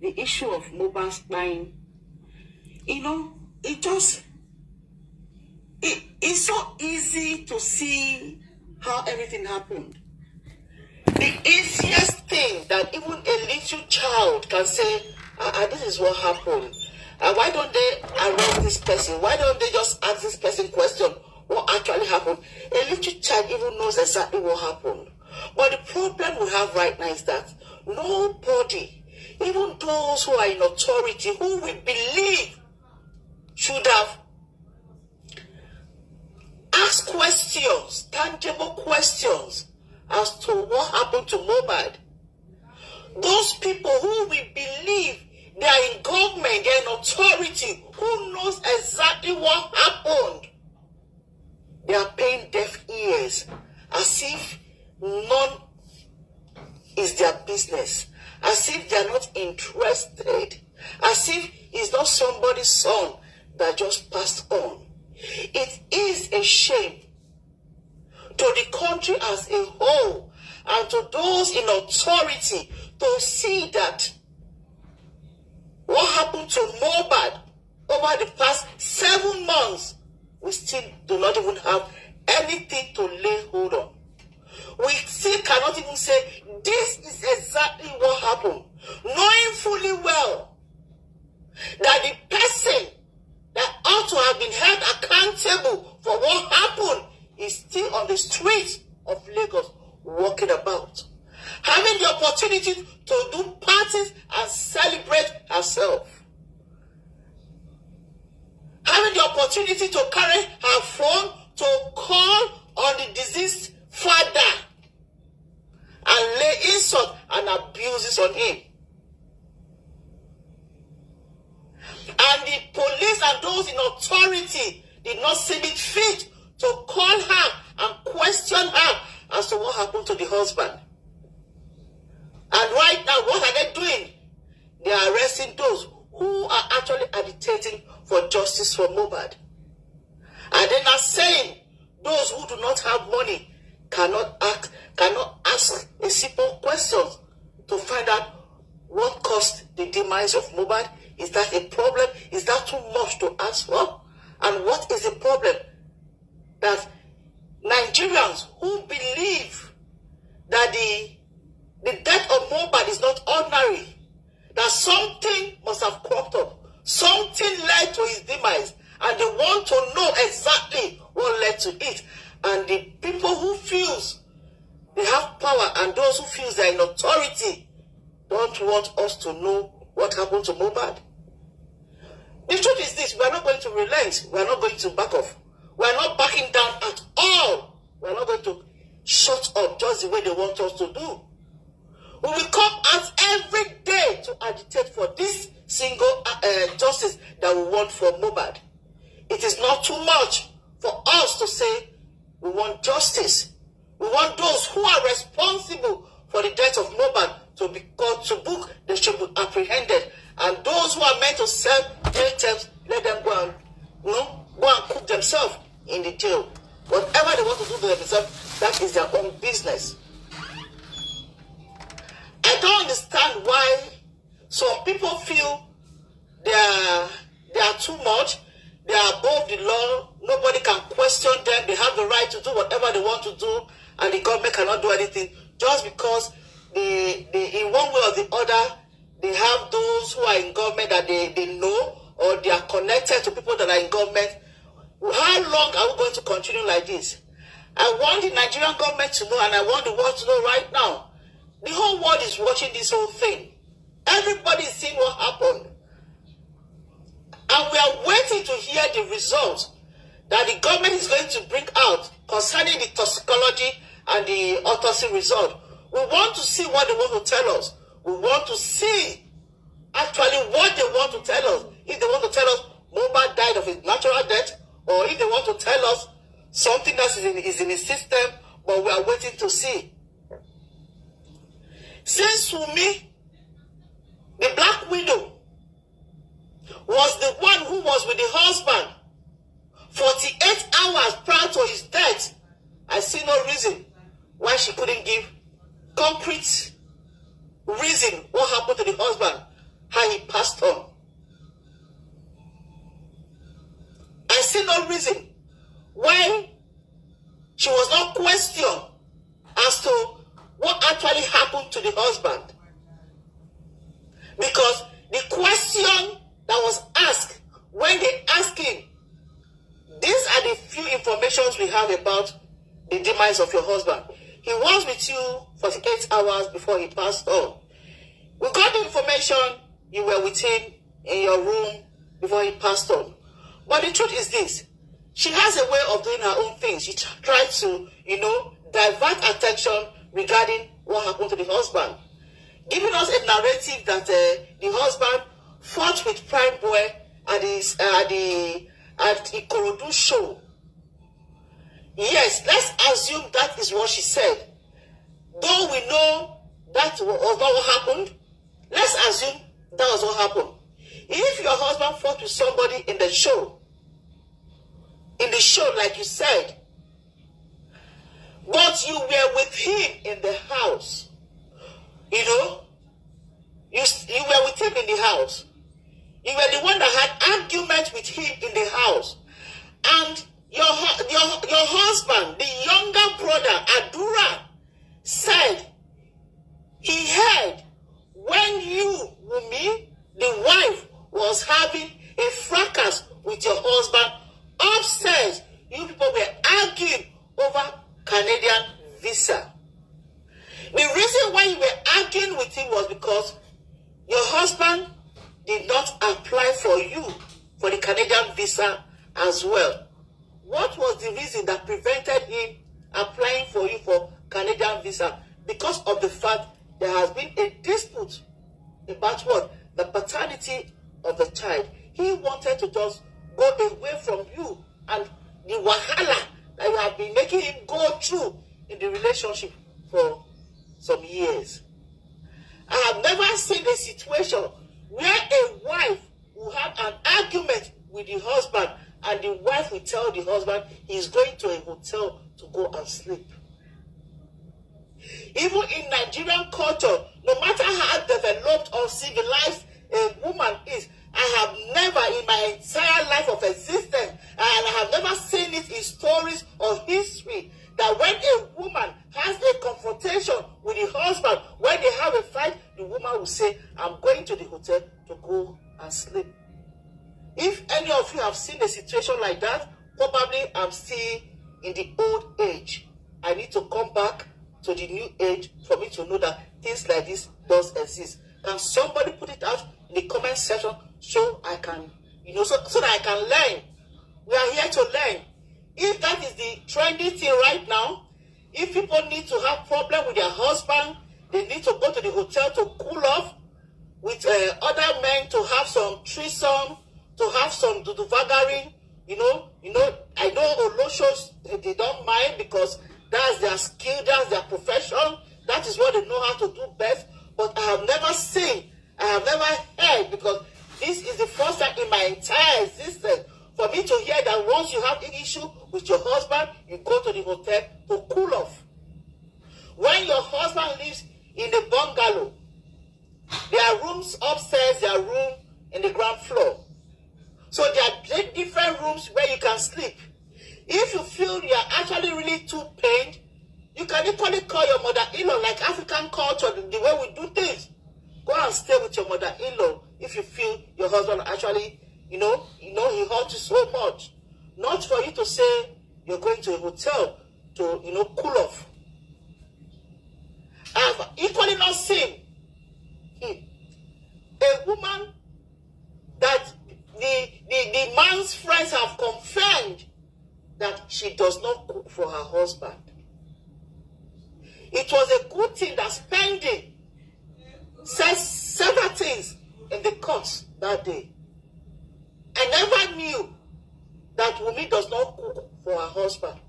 the issue of mobile spying, you know, it just, it's so easy to see how everything happened. The easiest thing that even a little child can say, "Ah, ah this is what happened. Uh, why don't they arrest this person? Why don't they just ask this person question? What actually happened? A little child even knows exactly what happened. But the problem we have right now is that nobody even those who are in authority, who we believe should have asked questions, tangible questions, as to what happened to Mohbad. Those people who we believe they are in government, they are in authority, who knows exactly what happened. They are paying deaf ears as if none is their business. as if they're not interested, as if it's not somebody's son that just passed on. It is a shame to the country as a whole and to those in authority to see that what happened to Mobad over the past seven months, we still do not even have anything to lay hold on. we still cannot even say this is exactly what happened, knowing fully well that the person that ought to have been held accountable for what happened is still on the streets of Lagos walking about, having the opportunity to do parties and celebrate herself. Having the opportunity to carry her phone to call on the deceased father uses on him. And the police and those in authority did not see it fit to call her and question her as to what happened to the husband. And right now, what are they doing? They are arresting those who are actually agitating for justice for Mohbad. And they are saying those who do not have money cannot act, cannot ask a simple question to find out what caused the demise of Mohbad. Is that a problem? Is that too much to ask for? And what is the problem that Nigerians who believe that the the death of Mohbad is not ordinary, that something must have cropped up, something led to his demise, and they want to know exactly what led to it. And the people who feels those who feel they're in authority don't want us to know what happened to Mohbad. The truth is this, we are not going to relent. We are not going to back off. We are not backing down at all. We are not going to shut up just the way they want us to do. We will come out every day to agitate for this single uh, uh justice that we want for Mohbad. It is not too much for us to say we want justice. We want those who are responsible for the death of Moban to be called to book. They should be apprehended. And those who are meant to serve jail terms, let them go and, you know, go and cook themselves in the jail. Whatever they want to do to themselves, that is their own business. I don't understand why some people feel they are, they are too much, they are above the law, nobody can question them, they have the right to do whatever they want to do, and the government cannot do anything just because they, they in one way or the other they have those who are in government that they, they know or they are connected to people that are in government how long are we going to continue like this i want the nigerian government to know and i want the world to know right now the whole world is watching this whole thing everybody is seeing what happened and we are waiting to hear the results that the government is going to bring out concerning the toxicology and the autopsy result. We want to see what they want to tell us. We want to see actually what they want to tell us. If they want to tell us Mohbad died of a natural death, or if they want to tell us something else is in, is in his system, but we are waiting to see. Since Wunmi, the black widow, was the one who was with the husband concrete reason what happened to the husband, how he passed on. I see no reason why she was not questioned as to what actually happened to the husband. Because the question that was asked when they asked him, these are the few informations we have about the demise of your husband hours before he passed on. We got the information you were with him in your room before he passed on. But the truth is this. She has a way of doing her own things. She tried to, you know, divert attention regarding what happened to the husband, giving us a narrative that uh, the husband fought with Prime Boy at, his, uh, at the at Ikorodu show. Yes, let's assume that is what she said. Though we know that was not what happened, let's assume that was what happened. If your husband fought with somebody in the show, in the show, like you said, but you were with him in the house, you know, you, you were with him in the house. You were the one that had argument with him in the house. And your, your, your husband, the younger brother, Adura, said he heard when you, Wumi, the wife, was having a fracas with your husband upstairs. You people were arguing over Canadian visa. The reason why you were arguing with him was because your husband did not apply for you for the Canadian visa as well. What was the reason that prevented him applying for you for Canadian visa because of the fact there has been a dispute about what? The paternity of the child. He wanted to just go away from you and the wahala that you have been making him go through in the relationship for some years. I have never seen a situation where a wife will have an argument with the husband and the wife will tell the husband he's going to a hotel to go and sleep. Even in Nigerian culture, no matter how developed or civilized a woman is, I have never in my entire life of existence, and I have never seen it in stories or history, that when a woman has a confrontation with the husband, when they have a fight, the woman will say, I'm going to the hotel to go and sleep. If any of you have seen a situation like that, probably I'm still in the old age. I need to come back to the new age for me to know that things like this does exist. Can somebody put it out in the comment section so I can, you know, so, so that I can learn? We are here to learn. If that is the trendy thing right now, if people need to have problem with their husband, they need to go to the hotel to cool off with uh, other men to have some threesome, to have some do, do vagaring, you know, you know, I know shows they don't mind because That's their skill, that's their profession, that is what they know how to do best. But I have never seen, I have never heard, because this is the first time in my entire existence for me to hear that once you have an issue with your husband, you go to the hotel to cool off. When your husband lives in a bungalow, call your mother-in-law like African culture, the, the way we do things. Go and stay with your mother-in-law if you feel your husband actually, you know, you know he hurts you so much. Not for you to say you're going to a hotel to, you know, cool off. I've equally not seen hmm, a woman that the, the, the man's friends have confirmed that she does not cook for her husband. It was a good thing that spending Says several things in the courts that day. I never knew that Wumi does not cook for her husband.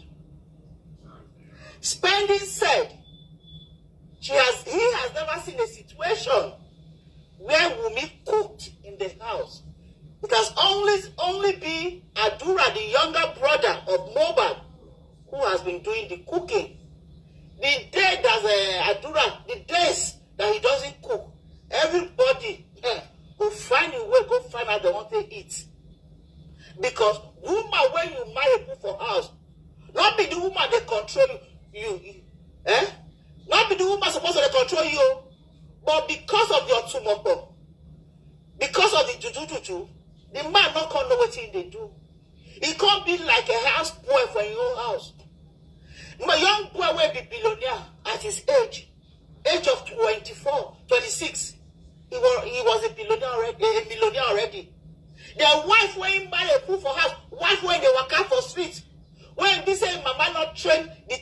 Spending said she has he has never seen a situation where Wumi cooked in the house. It has only only been Adura, the younger brother of Mobad, who has been doing the cooking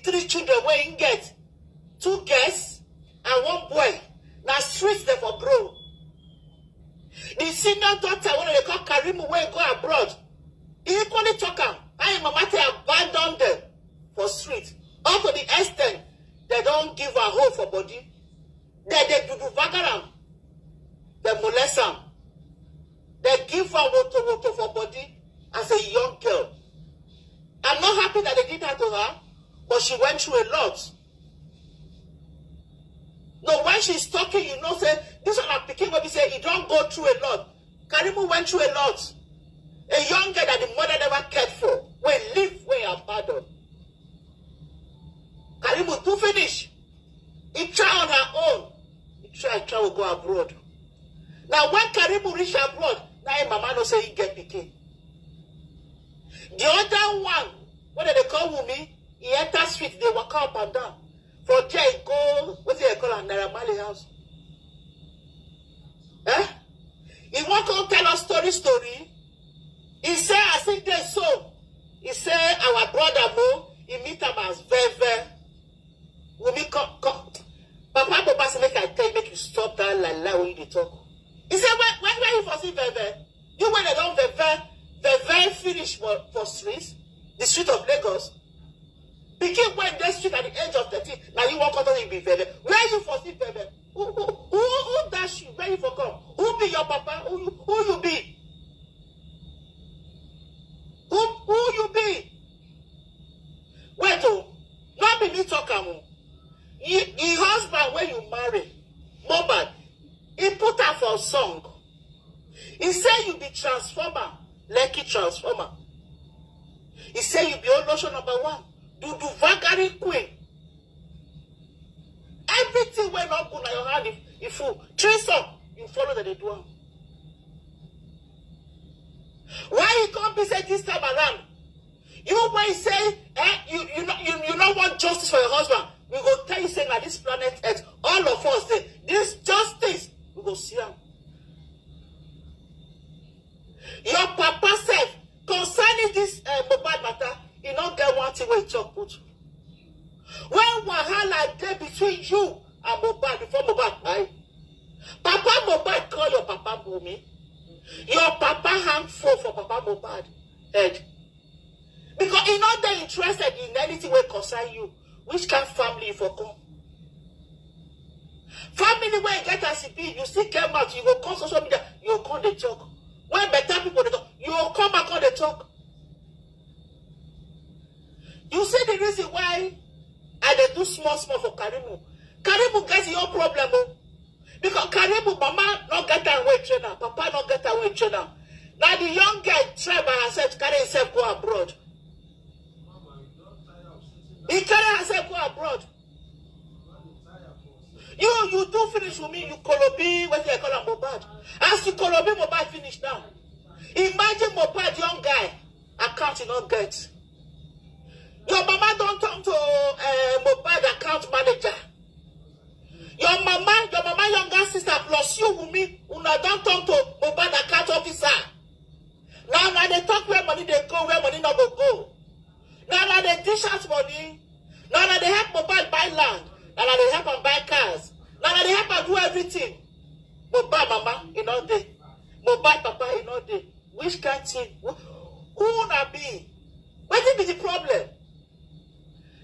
three children wey him get two girls and one boy na straight dem for grow The senior daughter wey dem call karimu wey go abroad e equally tok am how im mama tey abandon dem for street up to di extent dem don give her hole for body dem dey dudu vagar am dem molest am dem give her woto woto for body as a young girl i'm not happy that they did that to her But she went through a lot. No, when she's talking, you know, say, this one of Pikin Webby say, he don't go through a lot. Karimu went through a lot. A young girl that the mother never cared for. We live, we are pardon. Karimu to finish. He try on her own. He try, try to go abroad. Now, when Karimu reach abroad, now her mama no say he get Pikin. The other one last week dey waka up and down for there e go wetin dem call am naira marley house eh e wan come tell us story story e say as e dey so e say our brother mo e meet am as veve wunmi come come papa papa say make i tell you make you stop that lie lie wey you dey talk e say why why why you for see veve you wey dey don veve veve finish for for street the street of lagos Pikin went this street at the age of 13. Now you walk out and be Veve. Where you for see Veve? Who, who, who, who dash you? Where you for come? Who be your papa? Who you, who you be? Who, who you be? Wait, oh. Not be me talk, am. Um, the husband when you marry, Mohbad, he put her for song. He say you be transformer, Lekki transformer. He say you be Olosho number one do vagary queen. Everything wey no good your hand if you full. Treason, you follow dem dey do Why you can't be say this time around? You might say eh, you, you, no, you, you no want justice for your husband. We go tell you saying that this planet Earth, all of us dey. Eh, this justice, we go see am. Your papa said concerning this uh, Mohbad matter e not get one thing wey talk good when wahala there between you and mohbad before mohbad right? papa mohbad call your papa Wunmi your papa hand full for papa mohbad head because e not dey interested in anything where concern you which kind family you for come family wey get as e you still get out, you go come social media you go come dey talk when better people dey talk you go come back on the talk You see the reason why I dey do small small for Karimu. Karimu get your problem o. Oh. Because Karimu mama not get am way trainer, papa not get am way trainer. Now the young girl try by herself carry herself go abroad. He carry herself go abroad. You you do finish with me, you kolobi wetin I call am Mobad. As you kolobi Mobad finish now. Imagine Mobad, young guy account he not get. Your mama don't come to uh, eh, Mobile account manager. Your mama, your mama younger sister plus you, Wumi, una don't come to Mobile account officer. Now, now they talk where money they go, where money not go go. Now, now they dish out money. Now, now they help Mobile buy land. Now, now they help and buy cars. Now, now they help and do everything. Mobile mama, you know they. Mobile papa, you know they. Which kind thing? Who, who na be? Wetin be the problem?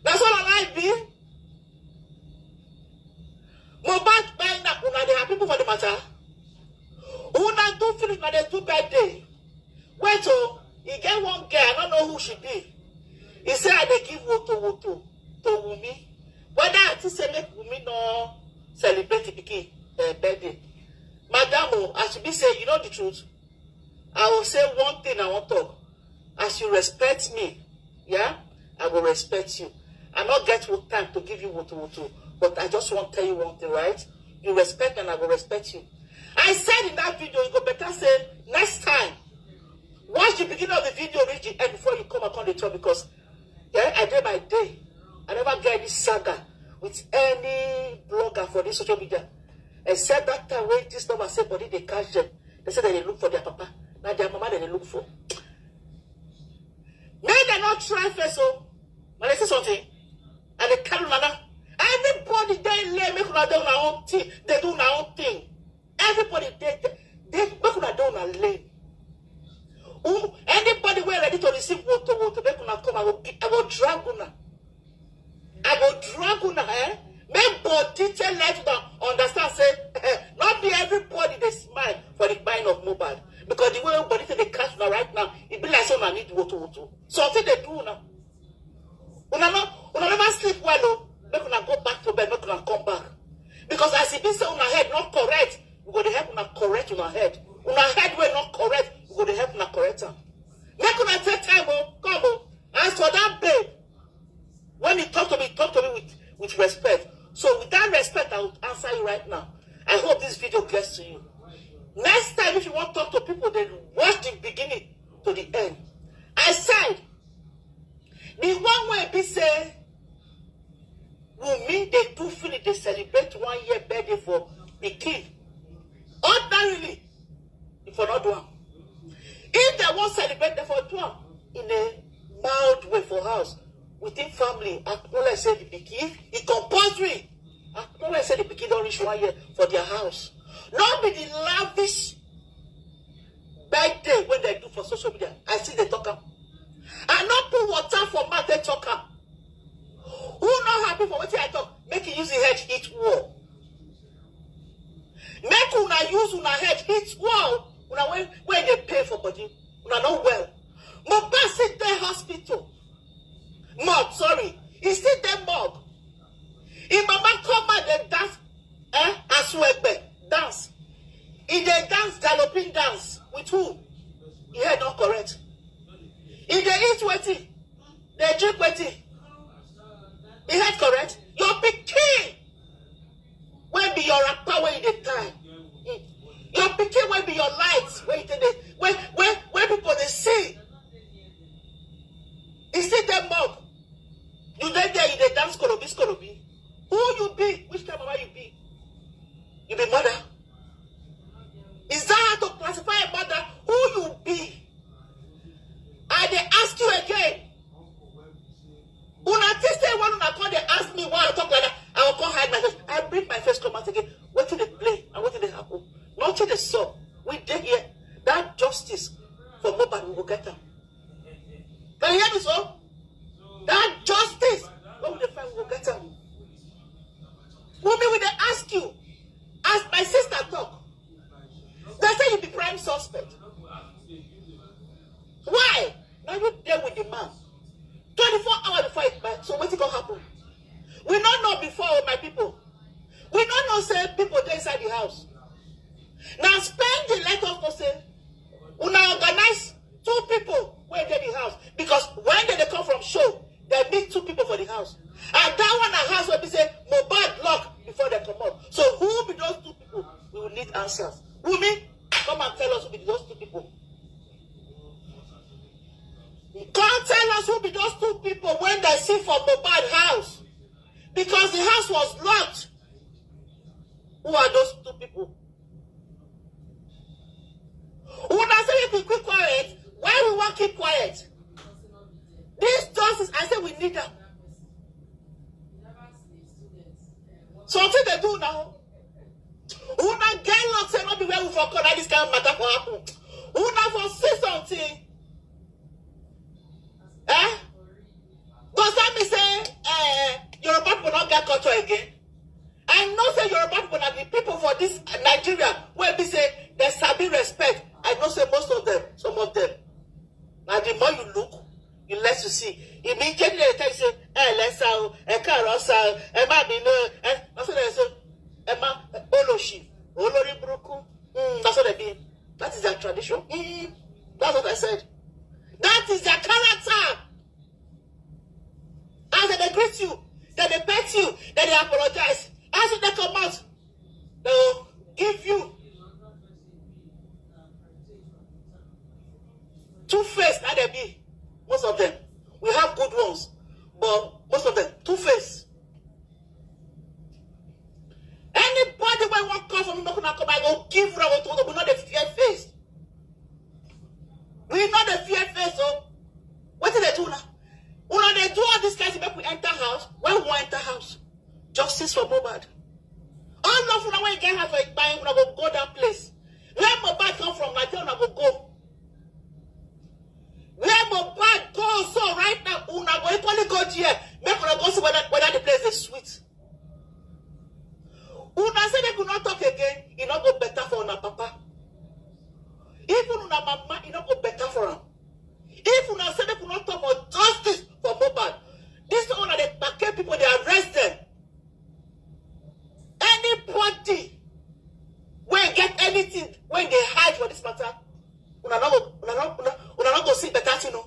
That's all I like, My Mobile buying that when they have people for the matter. When not do finish my day bad day. Wait oh, he get one girl, I don't know who she be. He said they give give to woto to Wunmi. Whether I think say make Wunmi no celebrate the uh, birthday. Madam oh, as you be say, you know the truth. I will say one thing I wan talk. As you respect me, yeah, I will respect you. I not get time to give you what to wutu, but I just want to tell you one thing, right? You respect and I will respect you. I said in that video, you go better say next time. Watch the beginning of the video, reach the end before you come upon the top because yeah, I did my day. I never get any saga with any blogger for this social media. Except that time when this number said body they catch them. They said that they look for their papa. Now their mama that they look for. May they not try first, so. But I say something and the carry Nana. Everybody they lay make una do their own thing. They do their own thing. Everybody they they make una do una lay. Who anybody we ready to receive water water make una come. I will I will drag una. I will drag una eh. Make body tell let to understand say eh, not be everybody they smile for the buying of mobile because the way everybody say they cash now right now it e be like say una need water water. Something they do now. Una not una never sleep well o make una go back to bed make una come back because as e be say una head no correct we go dey help una correct una head una head wey no correct we go dey help una correct am make una take time oh. come oh. as for dat babe when he talk to me he talk to me with with respect so with that respect i will answer you right now i hope this video gets to you next time if you wan talk to people dey watch the beginning to the end I said. the one wey be say Wunmi dey do finish dey celebrate one year birthday for pikin ordinarily e for not do am if dem wan celebrate dem for do am in a mild way for house within family acknowledge say the pikin e compulsory acknowledge say the pikin don reach one year for their house no be the lavish birthday wey dem do for social media i still dey talk am i no put water for mouth dey talk am who not happy for wetin i talk make you use your head hit wall make una use una head hit wall una when when they pay for body una no well it dey hospital mob sorry e still dey mob If mama come out dey dance eh as well. I say we need them. Something they do now. Una get locked say not be where we for corner this kind of matter for happen. Una for say something. Eh? Does that mean say uh, Yoruba people not get culture again? I know say Yoruba people are the people for this Nigeria where be say they sabi respect. I know say most of them, some of them. Now the more you look, you let to see immediately they tell you say ẹ lẹ sa o ẹ káàárọ̀ sa o ẹ má mi lọ ẹ lọsọ dẹ sọ ẹ má olóṣì olórí burúkú lọsọ dẹ bí that is their tradition hmm, that's what I said that is their character as they dey greet you they dey pet you they dey apologize as they come out they go give you two-faced That they be. something. you know.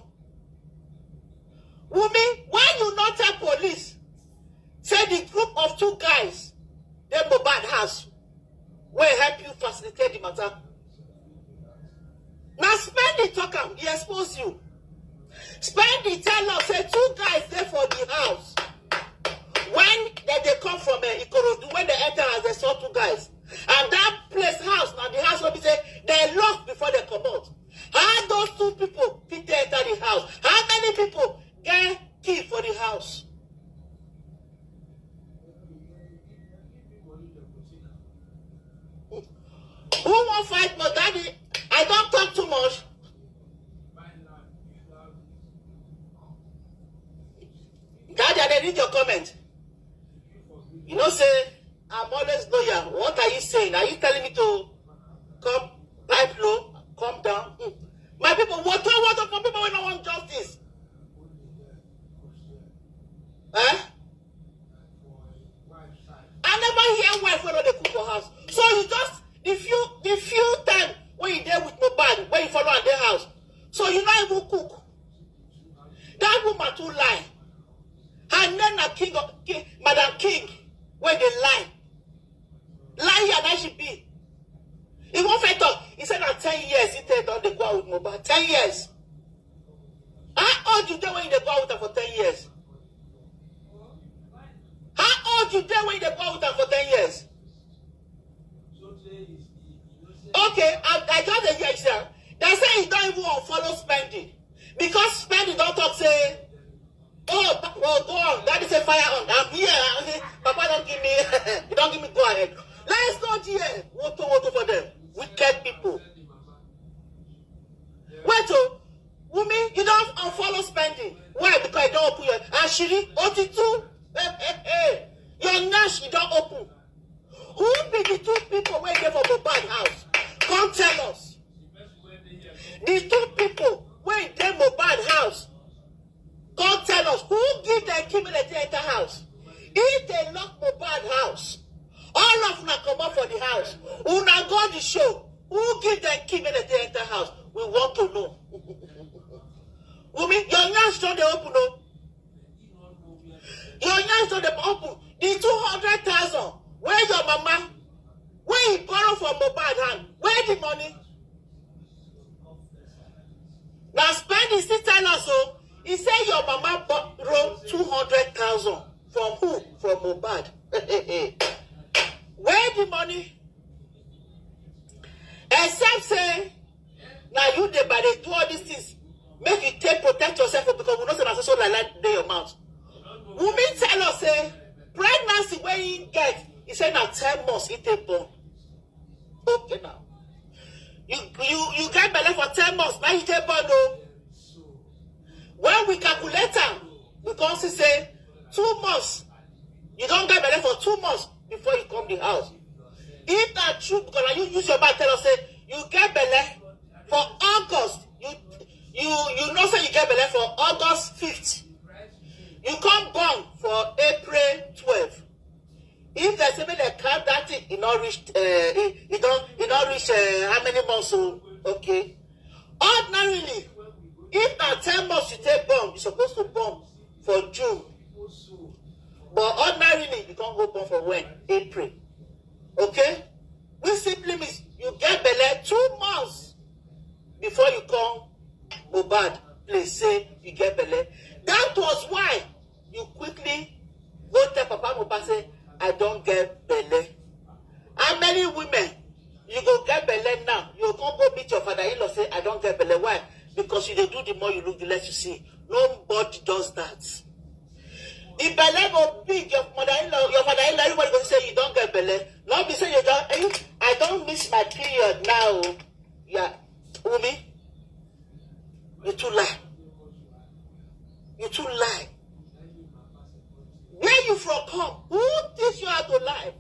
chérie money except say now you the body do all these things make you take protect yourself because we know say na so so like that dey your mouth wunmi tell us say pregnancy when you get he say now ten months he take born okay now you you you get belle for ten months Now you take born though. when we calculate am we come say two months you don't get belle for two months before you come the house If that true, because you use your mouth tell us say you get belle for August. You you you know say you get belle for August fifth. You come born for April twelve. If they say make dem count that thing, e no reach uh, e, e don e reach uh, how many months o? Oh, okay. Ordinarily, if na ten months you take born, you supposed to born for June. But ordinarily, you can't go born for when? April. Okay? Which simply means you get belle two months before you come Mohbad place say you get belle. That was why you quickly go tell Papa Mohbad say I don get belle. How many women you go get belle now you go go meet your father-in-law say I don get belle. Why? Because you dey do the more you look the less you see. Nobody does that. The belle go big your mother-in-law your father-in-law everybody go say you don get belle. Not be say you don't. Eh, you, I don't miss my period now. Yeah, Wumi, you too lie. You too lie. Where you from come? Who teach you how to lie?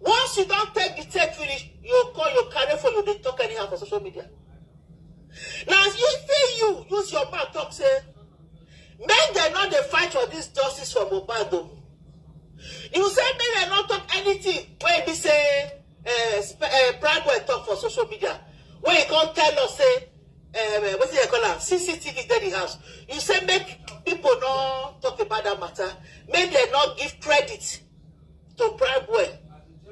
Once you don't take the test finish, you call your carry for you. They talk anyhow for social media. Now, if you you use your mouth talk say, make them not they fight for this justice for Mohbad you say make dem not talk anything wey be say uh, eh, uh, eh, prime boy talk for social media wey you come tell us say uh, is dem call cctv dead in house you say make people not talk about that matter make they not give credit to prime boy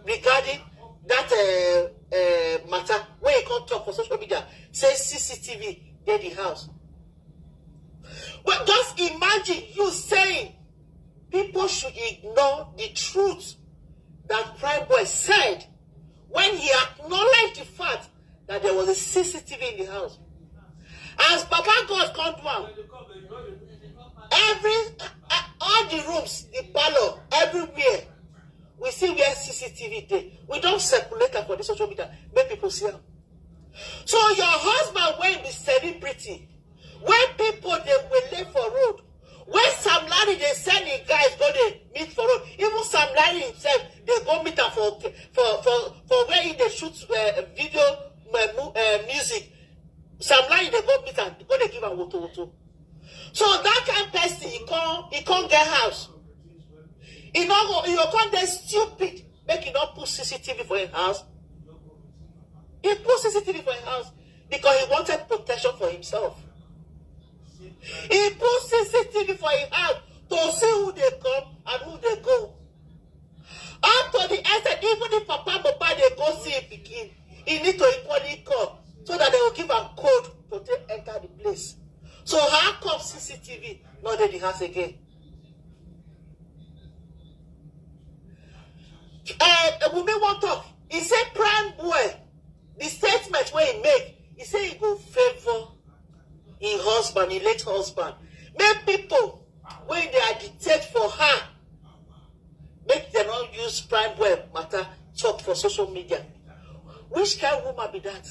regarding that uh, uh, matter wey you come talk for social media say cctv dead in house Well, just imagine you saying People should ignore the truth that Prime Boy said when he acknowledged the fact that there was a CCTV in the house. As Papa God come down, every uh, all the rooms, the parlor, everywhere, we see where CCTV dey. We don't circulate am for the social media make people see am. So your husband went be celebrity, when people they dey wele for road, husband make people wey dey agitate for her make dem no use prime web matter talk for social media which kind woman be dat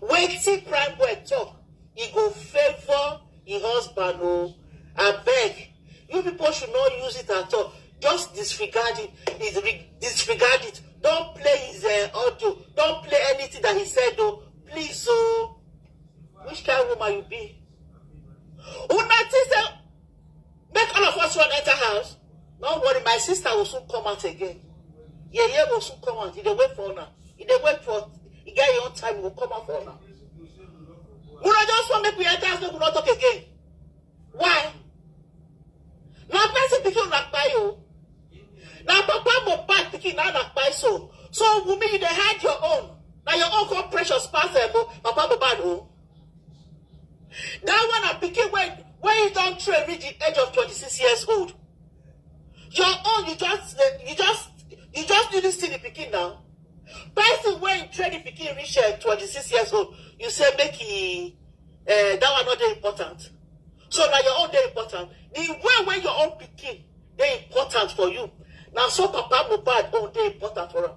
wetin prime web talk e go favour im e husband o abeg you people should not use it at all just disregard it disregard it don play his eh, audio don play anything that he said o please o which kind woman you be Una think say make all of us run enter house. No worry, my sister will soon come out again. Yeye will soon come out. He dey wait for now. He dey wait for he get your own time. He will come out for now. una. Una just want make we enter house make we not talk again. Why? Na person pikin na by you. Now, papa mo Mohbad thinking now na by so. So woman, you dey hide your own. Now, your own called precious pass um, oh, Papa bad o. Oh. That one through every the age of 26 years old. Your own, you just, you just, you just didn't see the picking now. Person when train the picking reach uh, 26 years old, you say make he, uh, that one not very important. So now your own very important. The way when your own picking, they important for you. Now so Papa Mohbad own oh, they important for her.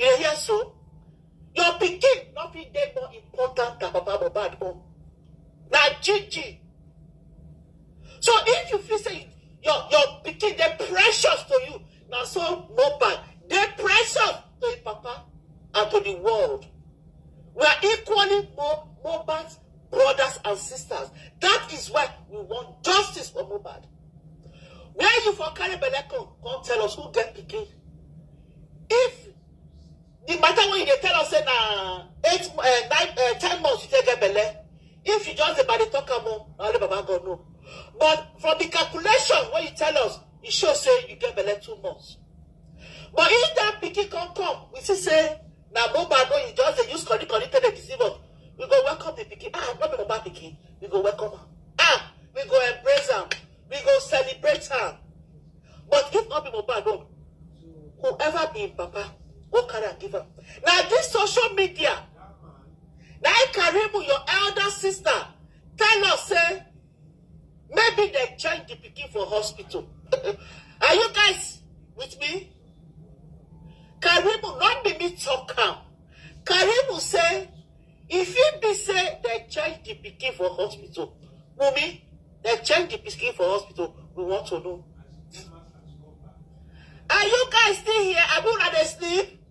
You hear so? Your picking, nothing they more important than Papa Mohbad own. Oh. Now Gigi, So if you feel say your your pikin dey precious to you, na so Mohbad dey precious to him papa and to the world. We are equally more brothers and sisters. That is why we want justice for Mohbad. Where you for carry belle come, come tell us who get pikin. If the matter when you dey tell us say na eight uh, nine uh, ten months you take get belle, if you just dey body talk am o, na only Baba God know. But from the calculation, what you tell us, it shows say you get belle two months. But if that picking come come, we see say, na boba no, you just dey use correct correct tell the disease, we go welcome the picking. Ah, not be picking? we go welcome am. Ah, we go embrace am, we go celebrate am. But if not be boba no, whoever be papa, go carry am give am. Now this social media, Now I can carry your elder sister, tell us say, Maybe they change the picking for hospital. Are you guys with me? Karimu, not be me talk am. Karimu say, if it be say they change the picking for hospital, Wunmi, they change the picking for hospital, we want to know. Are you guys still here? Abuna dey sleep?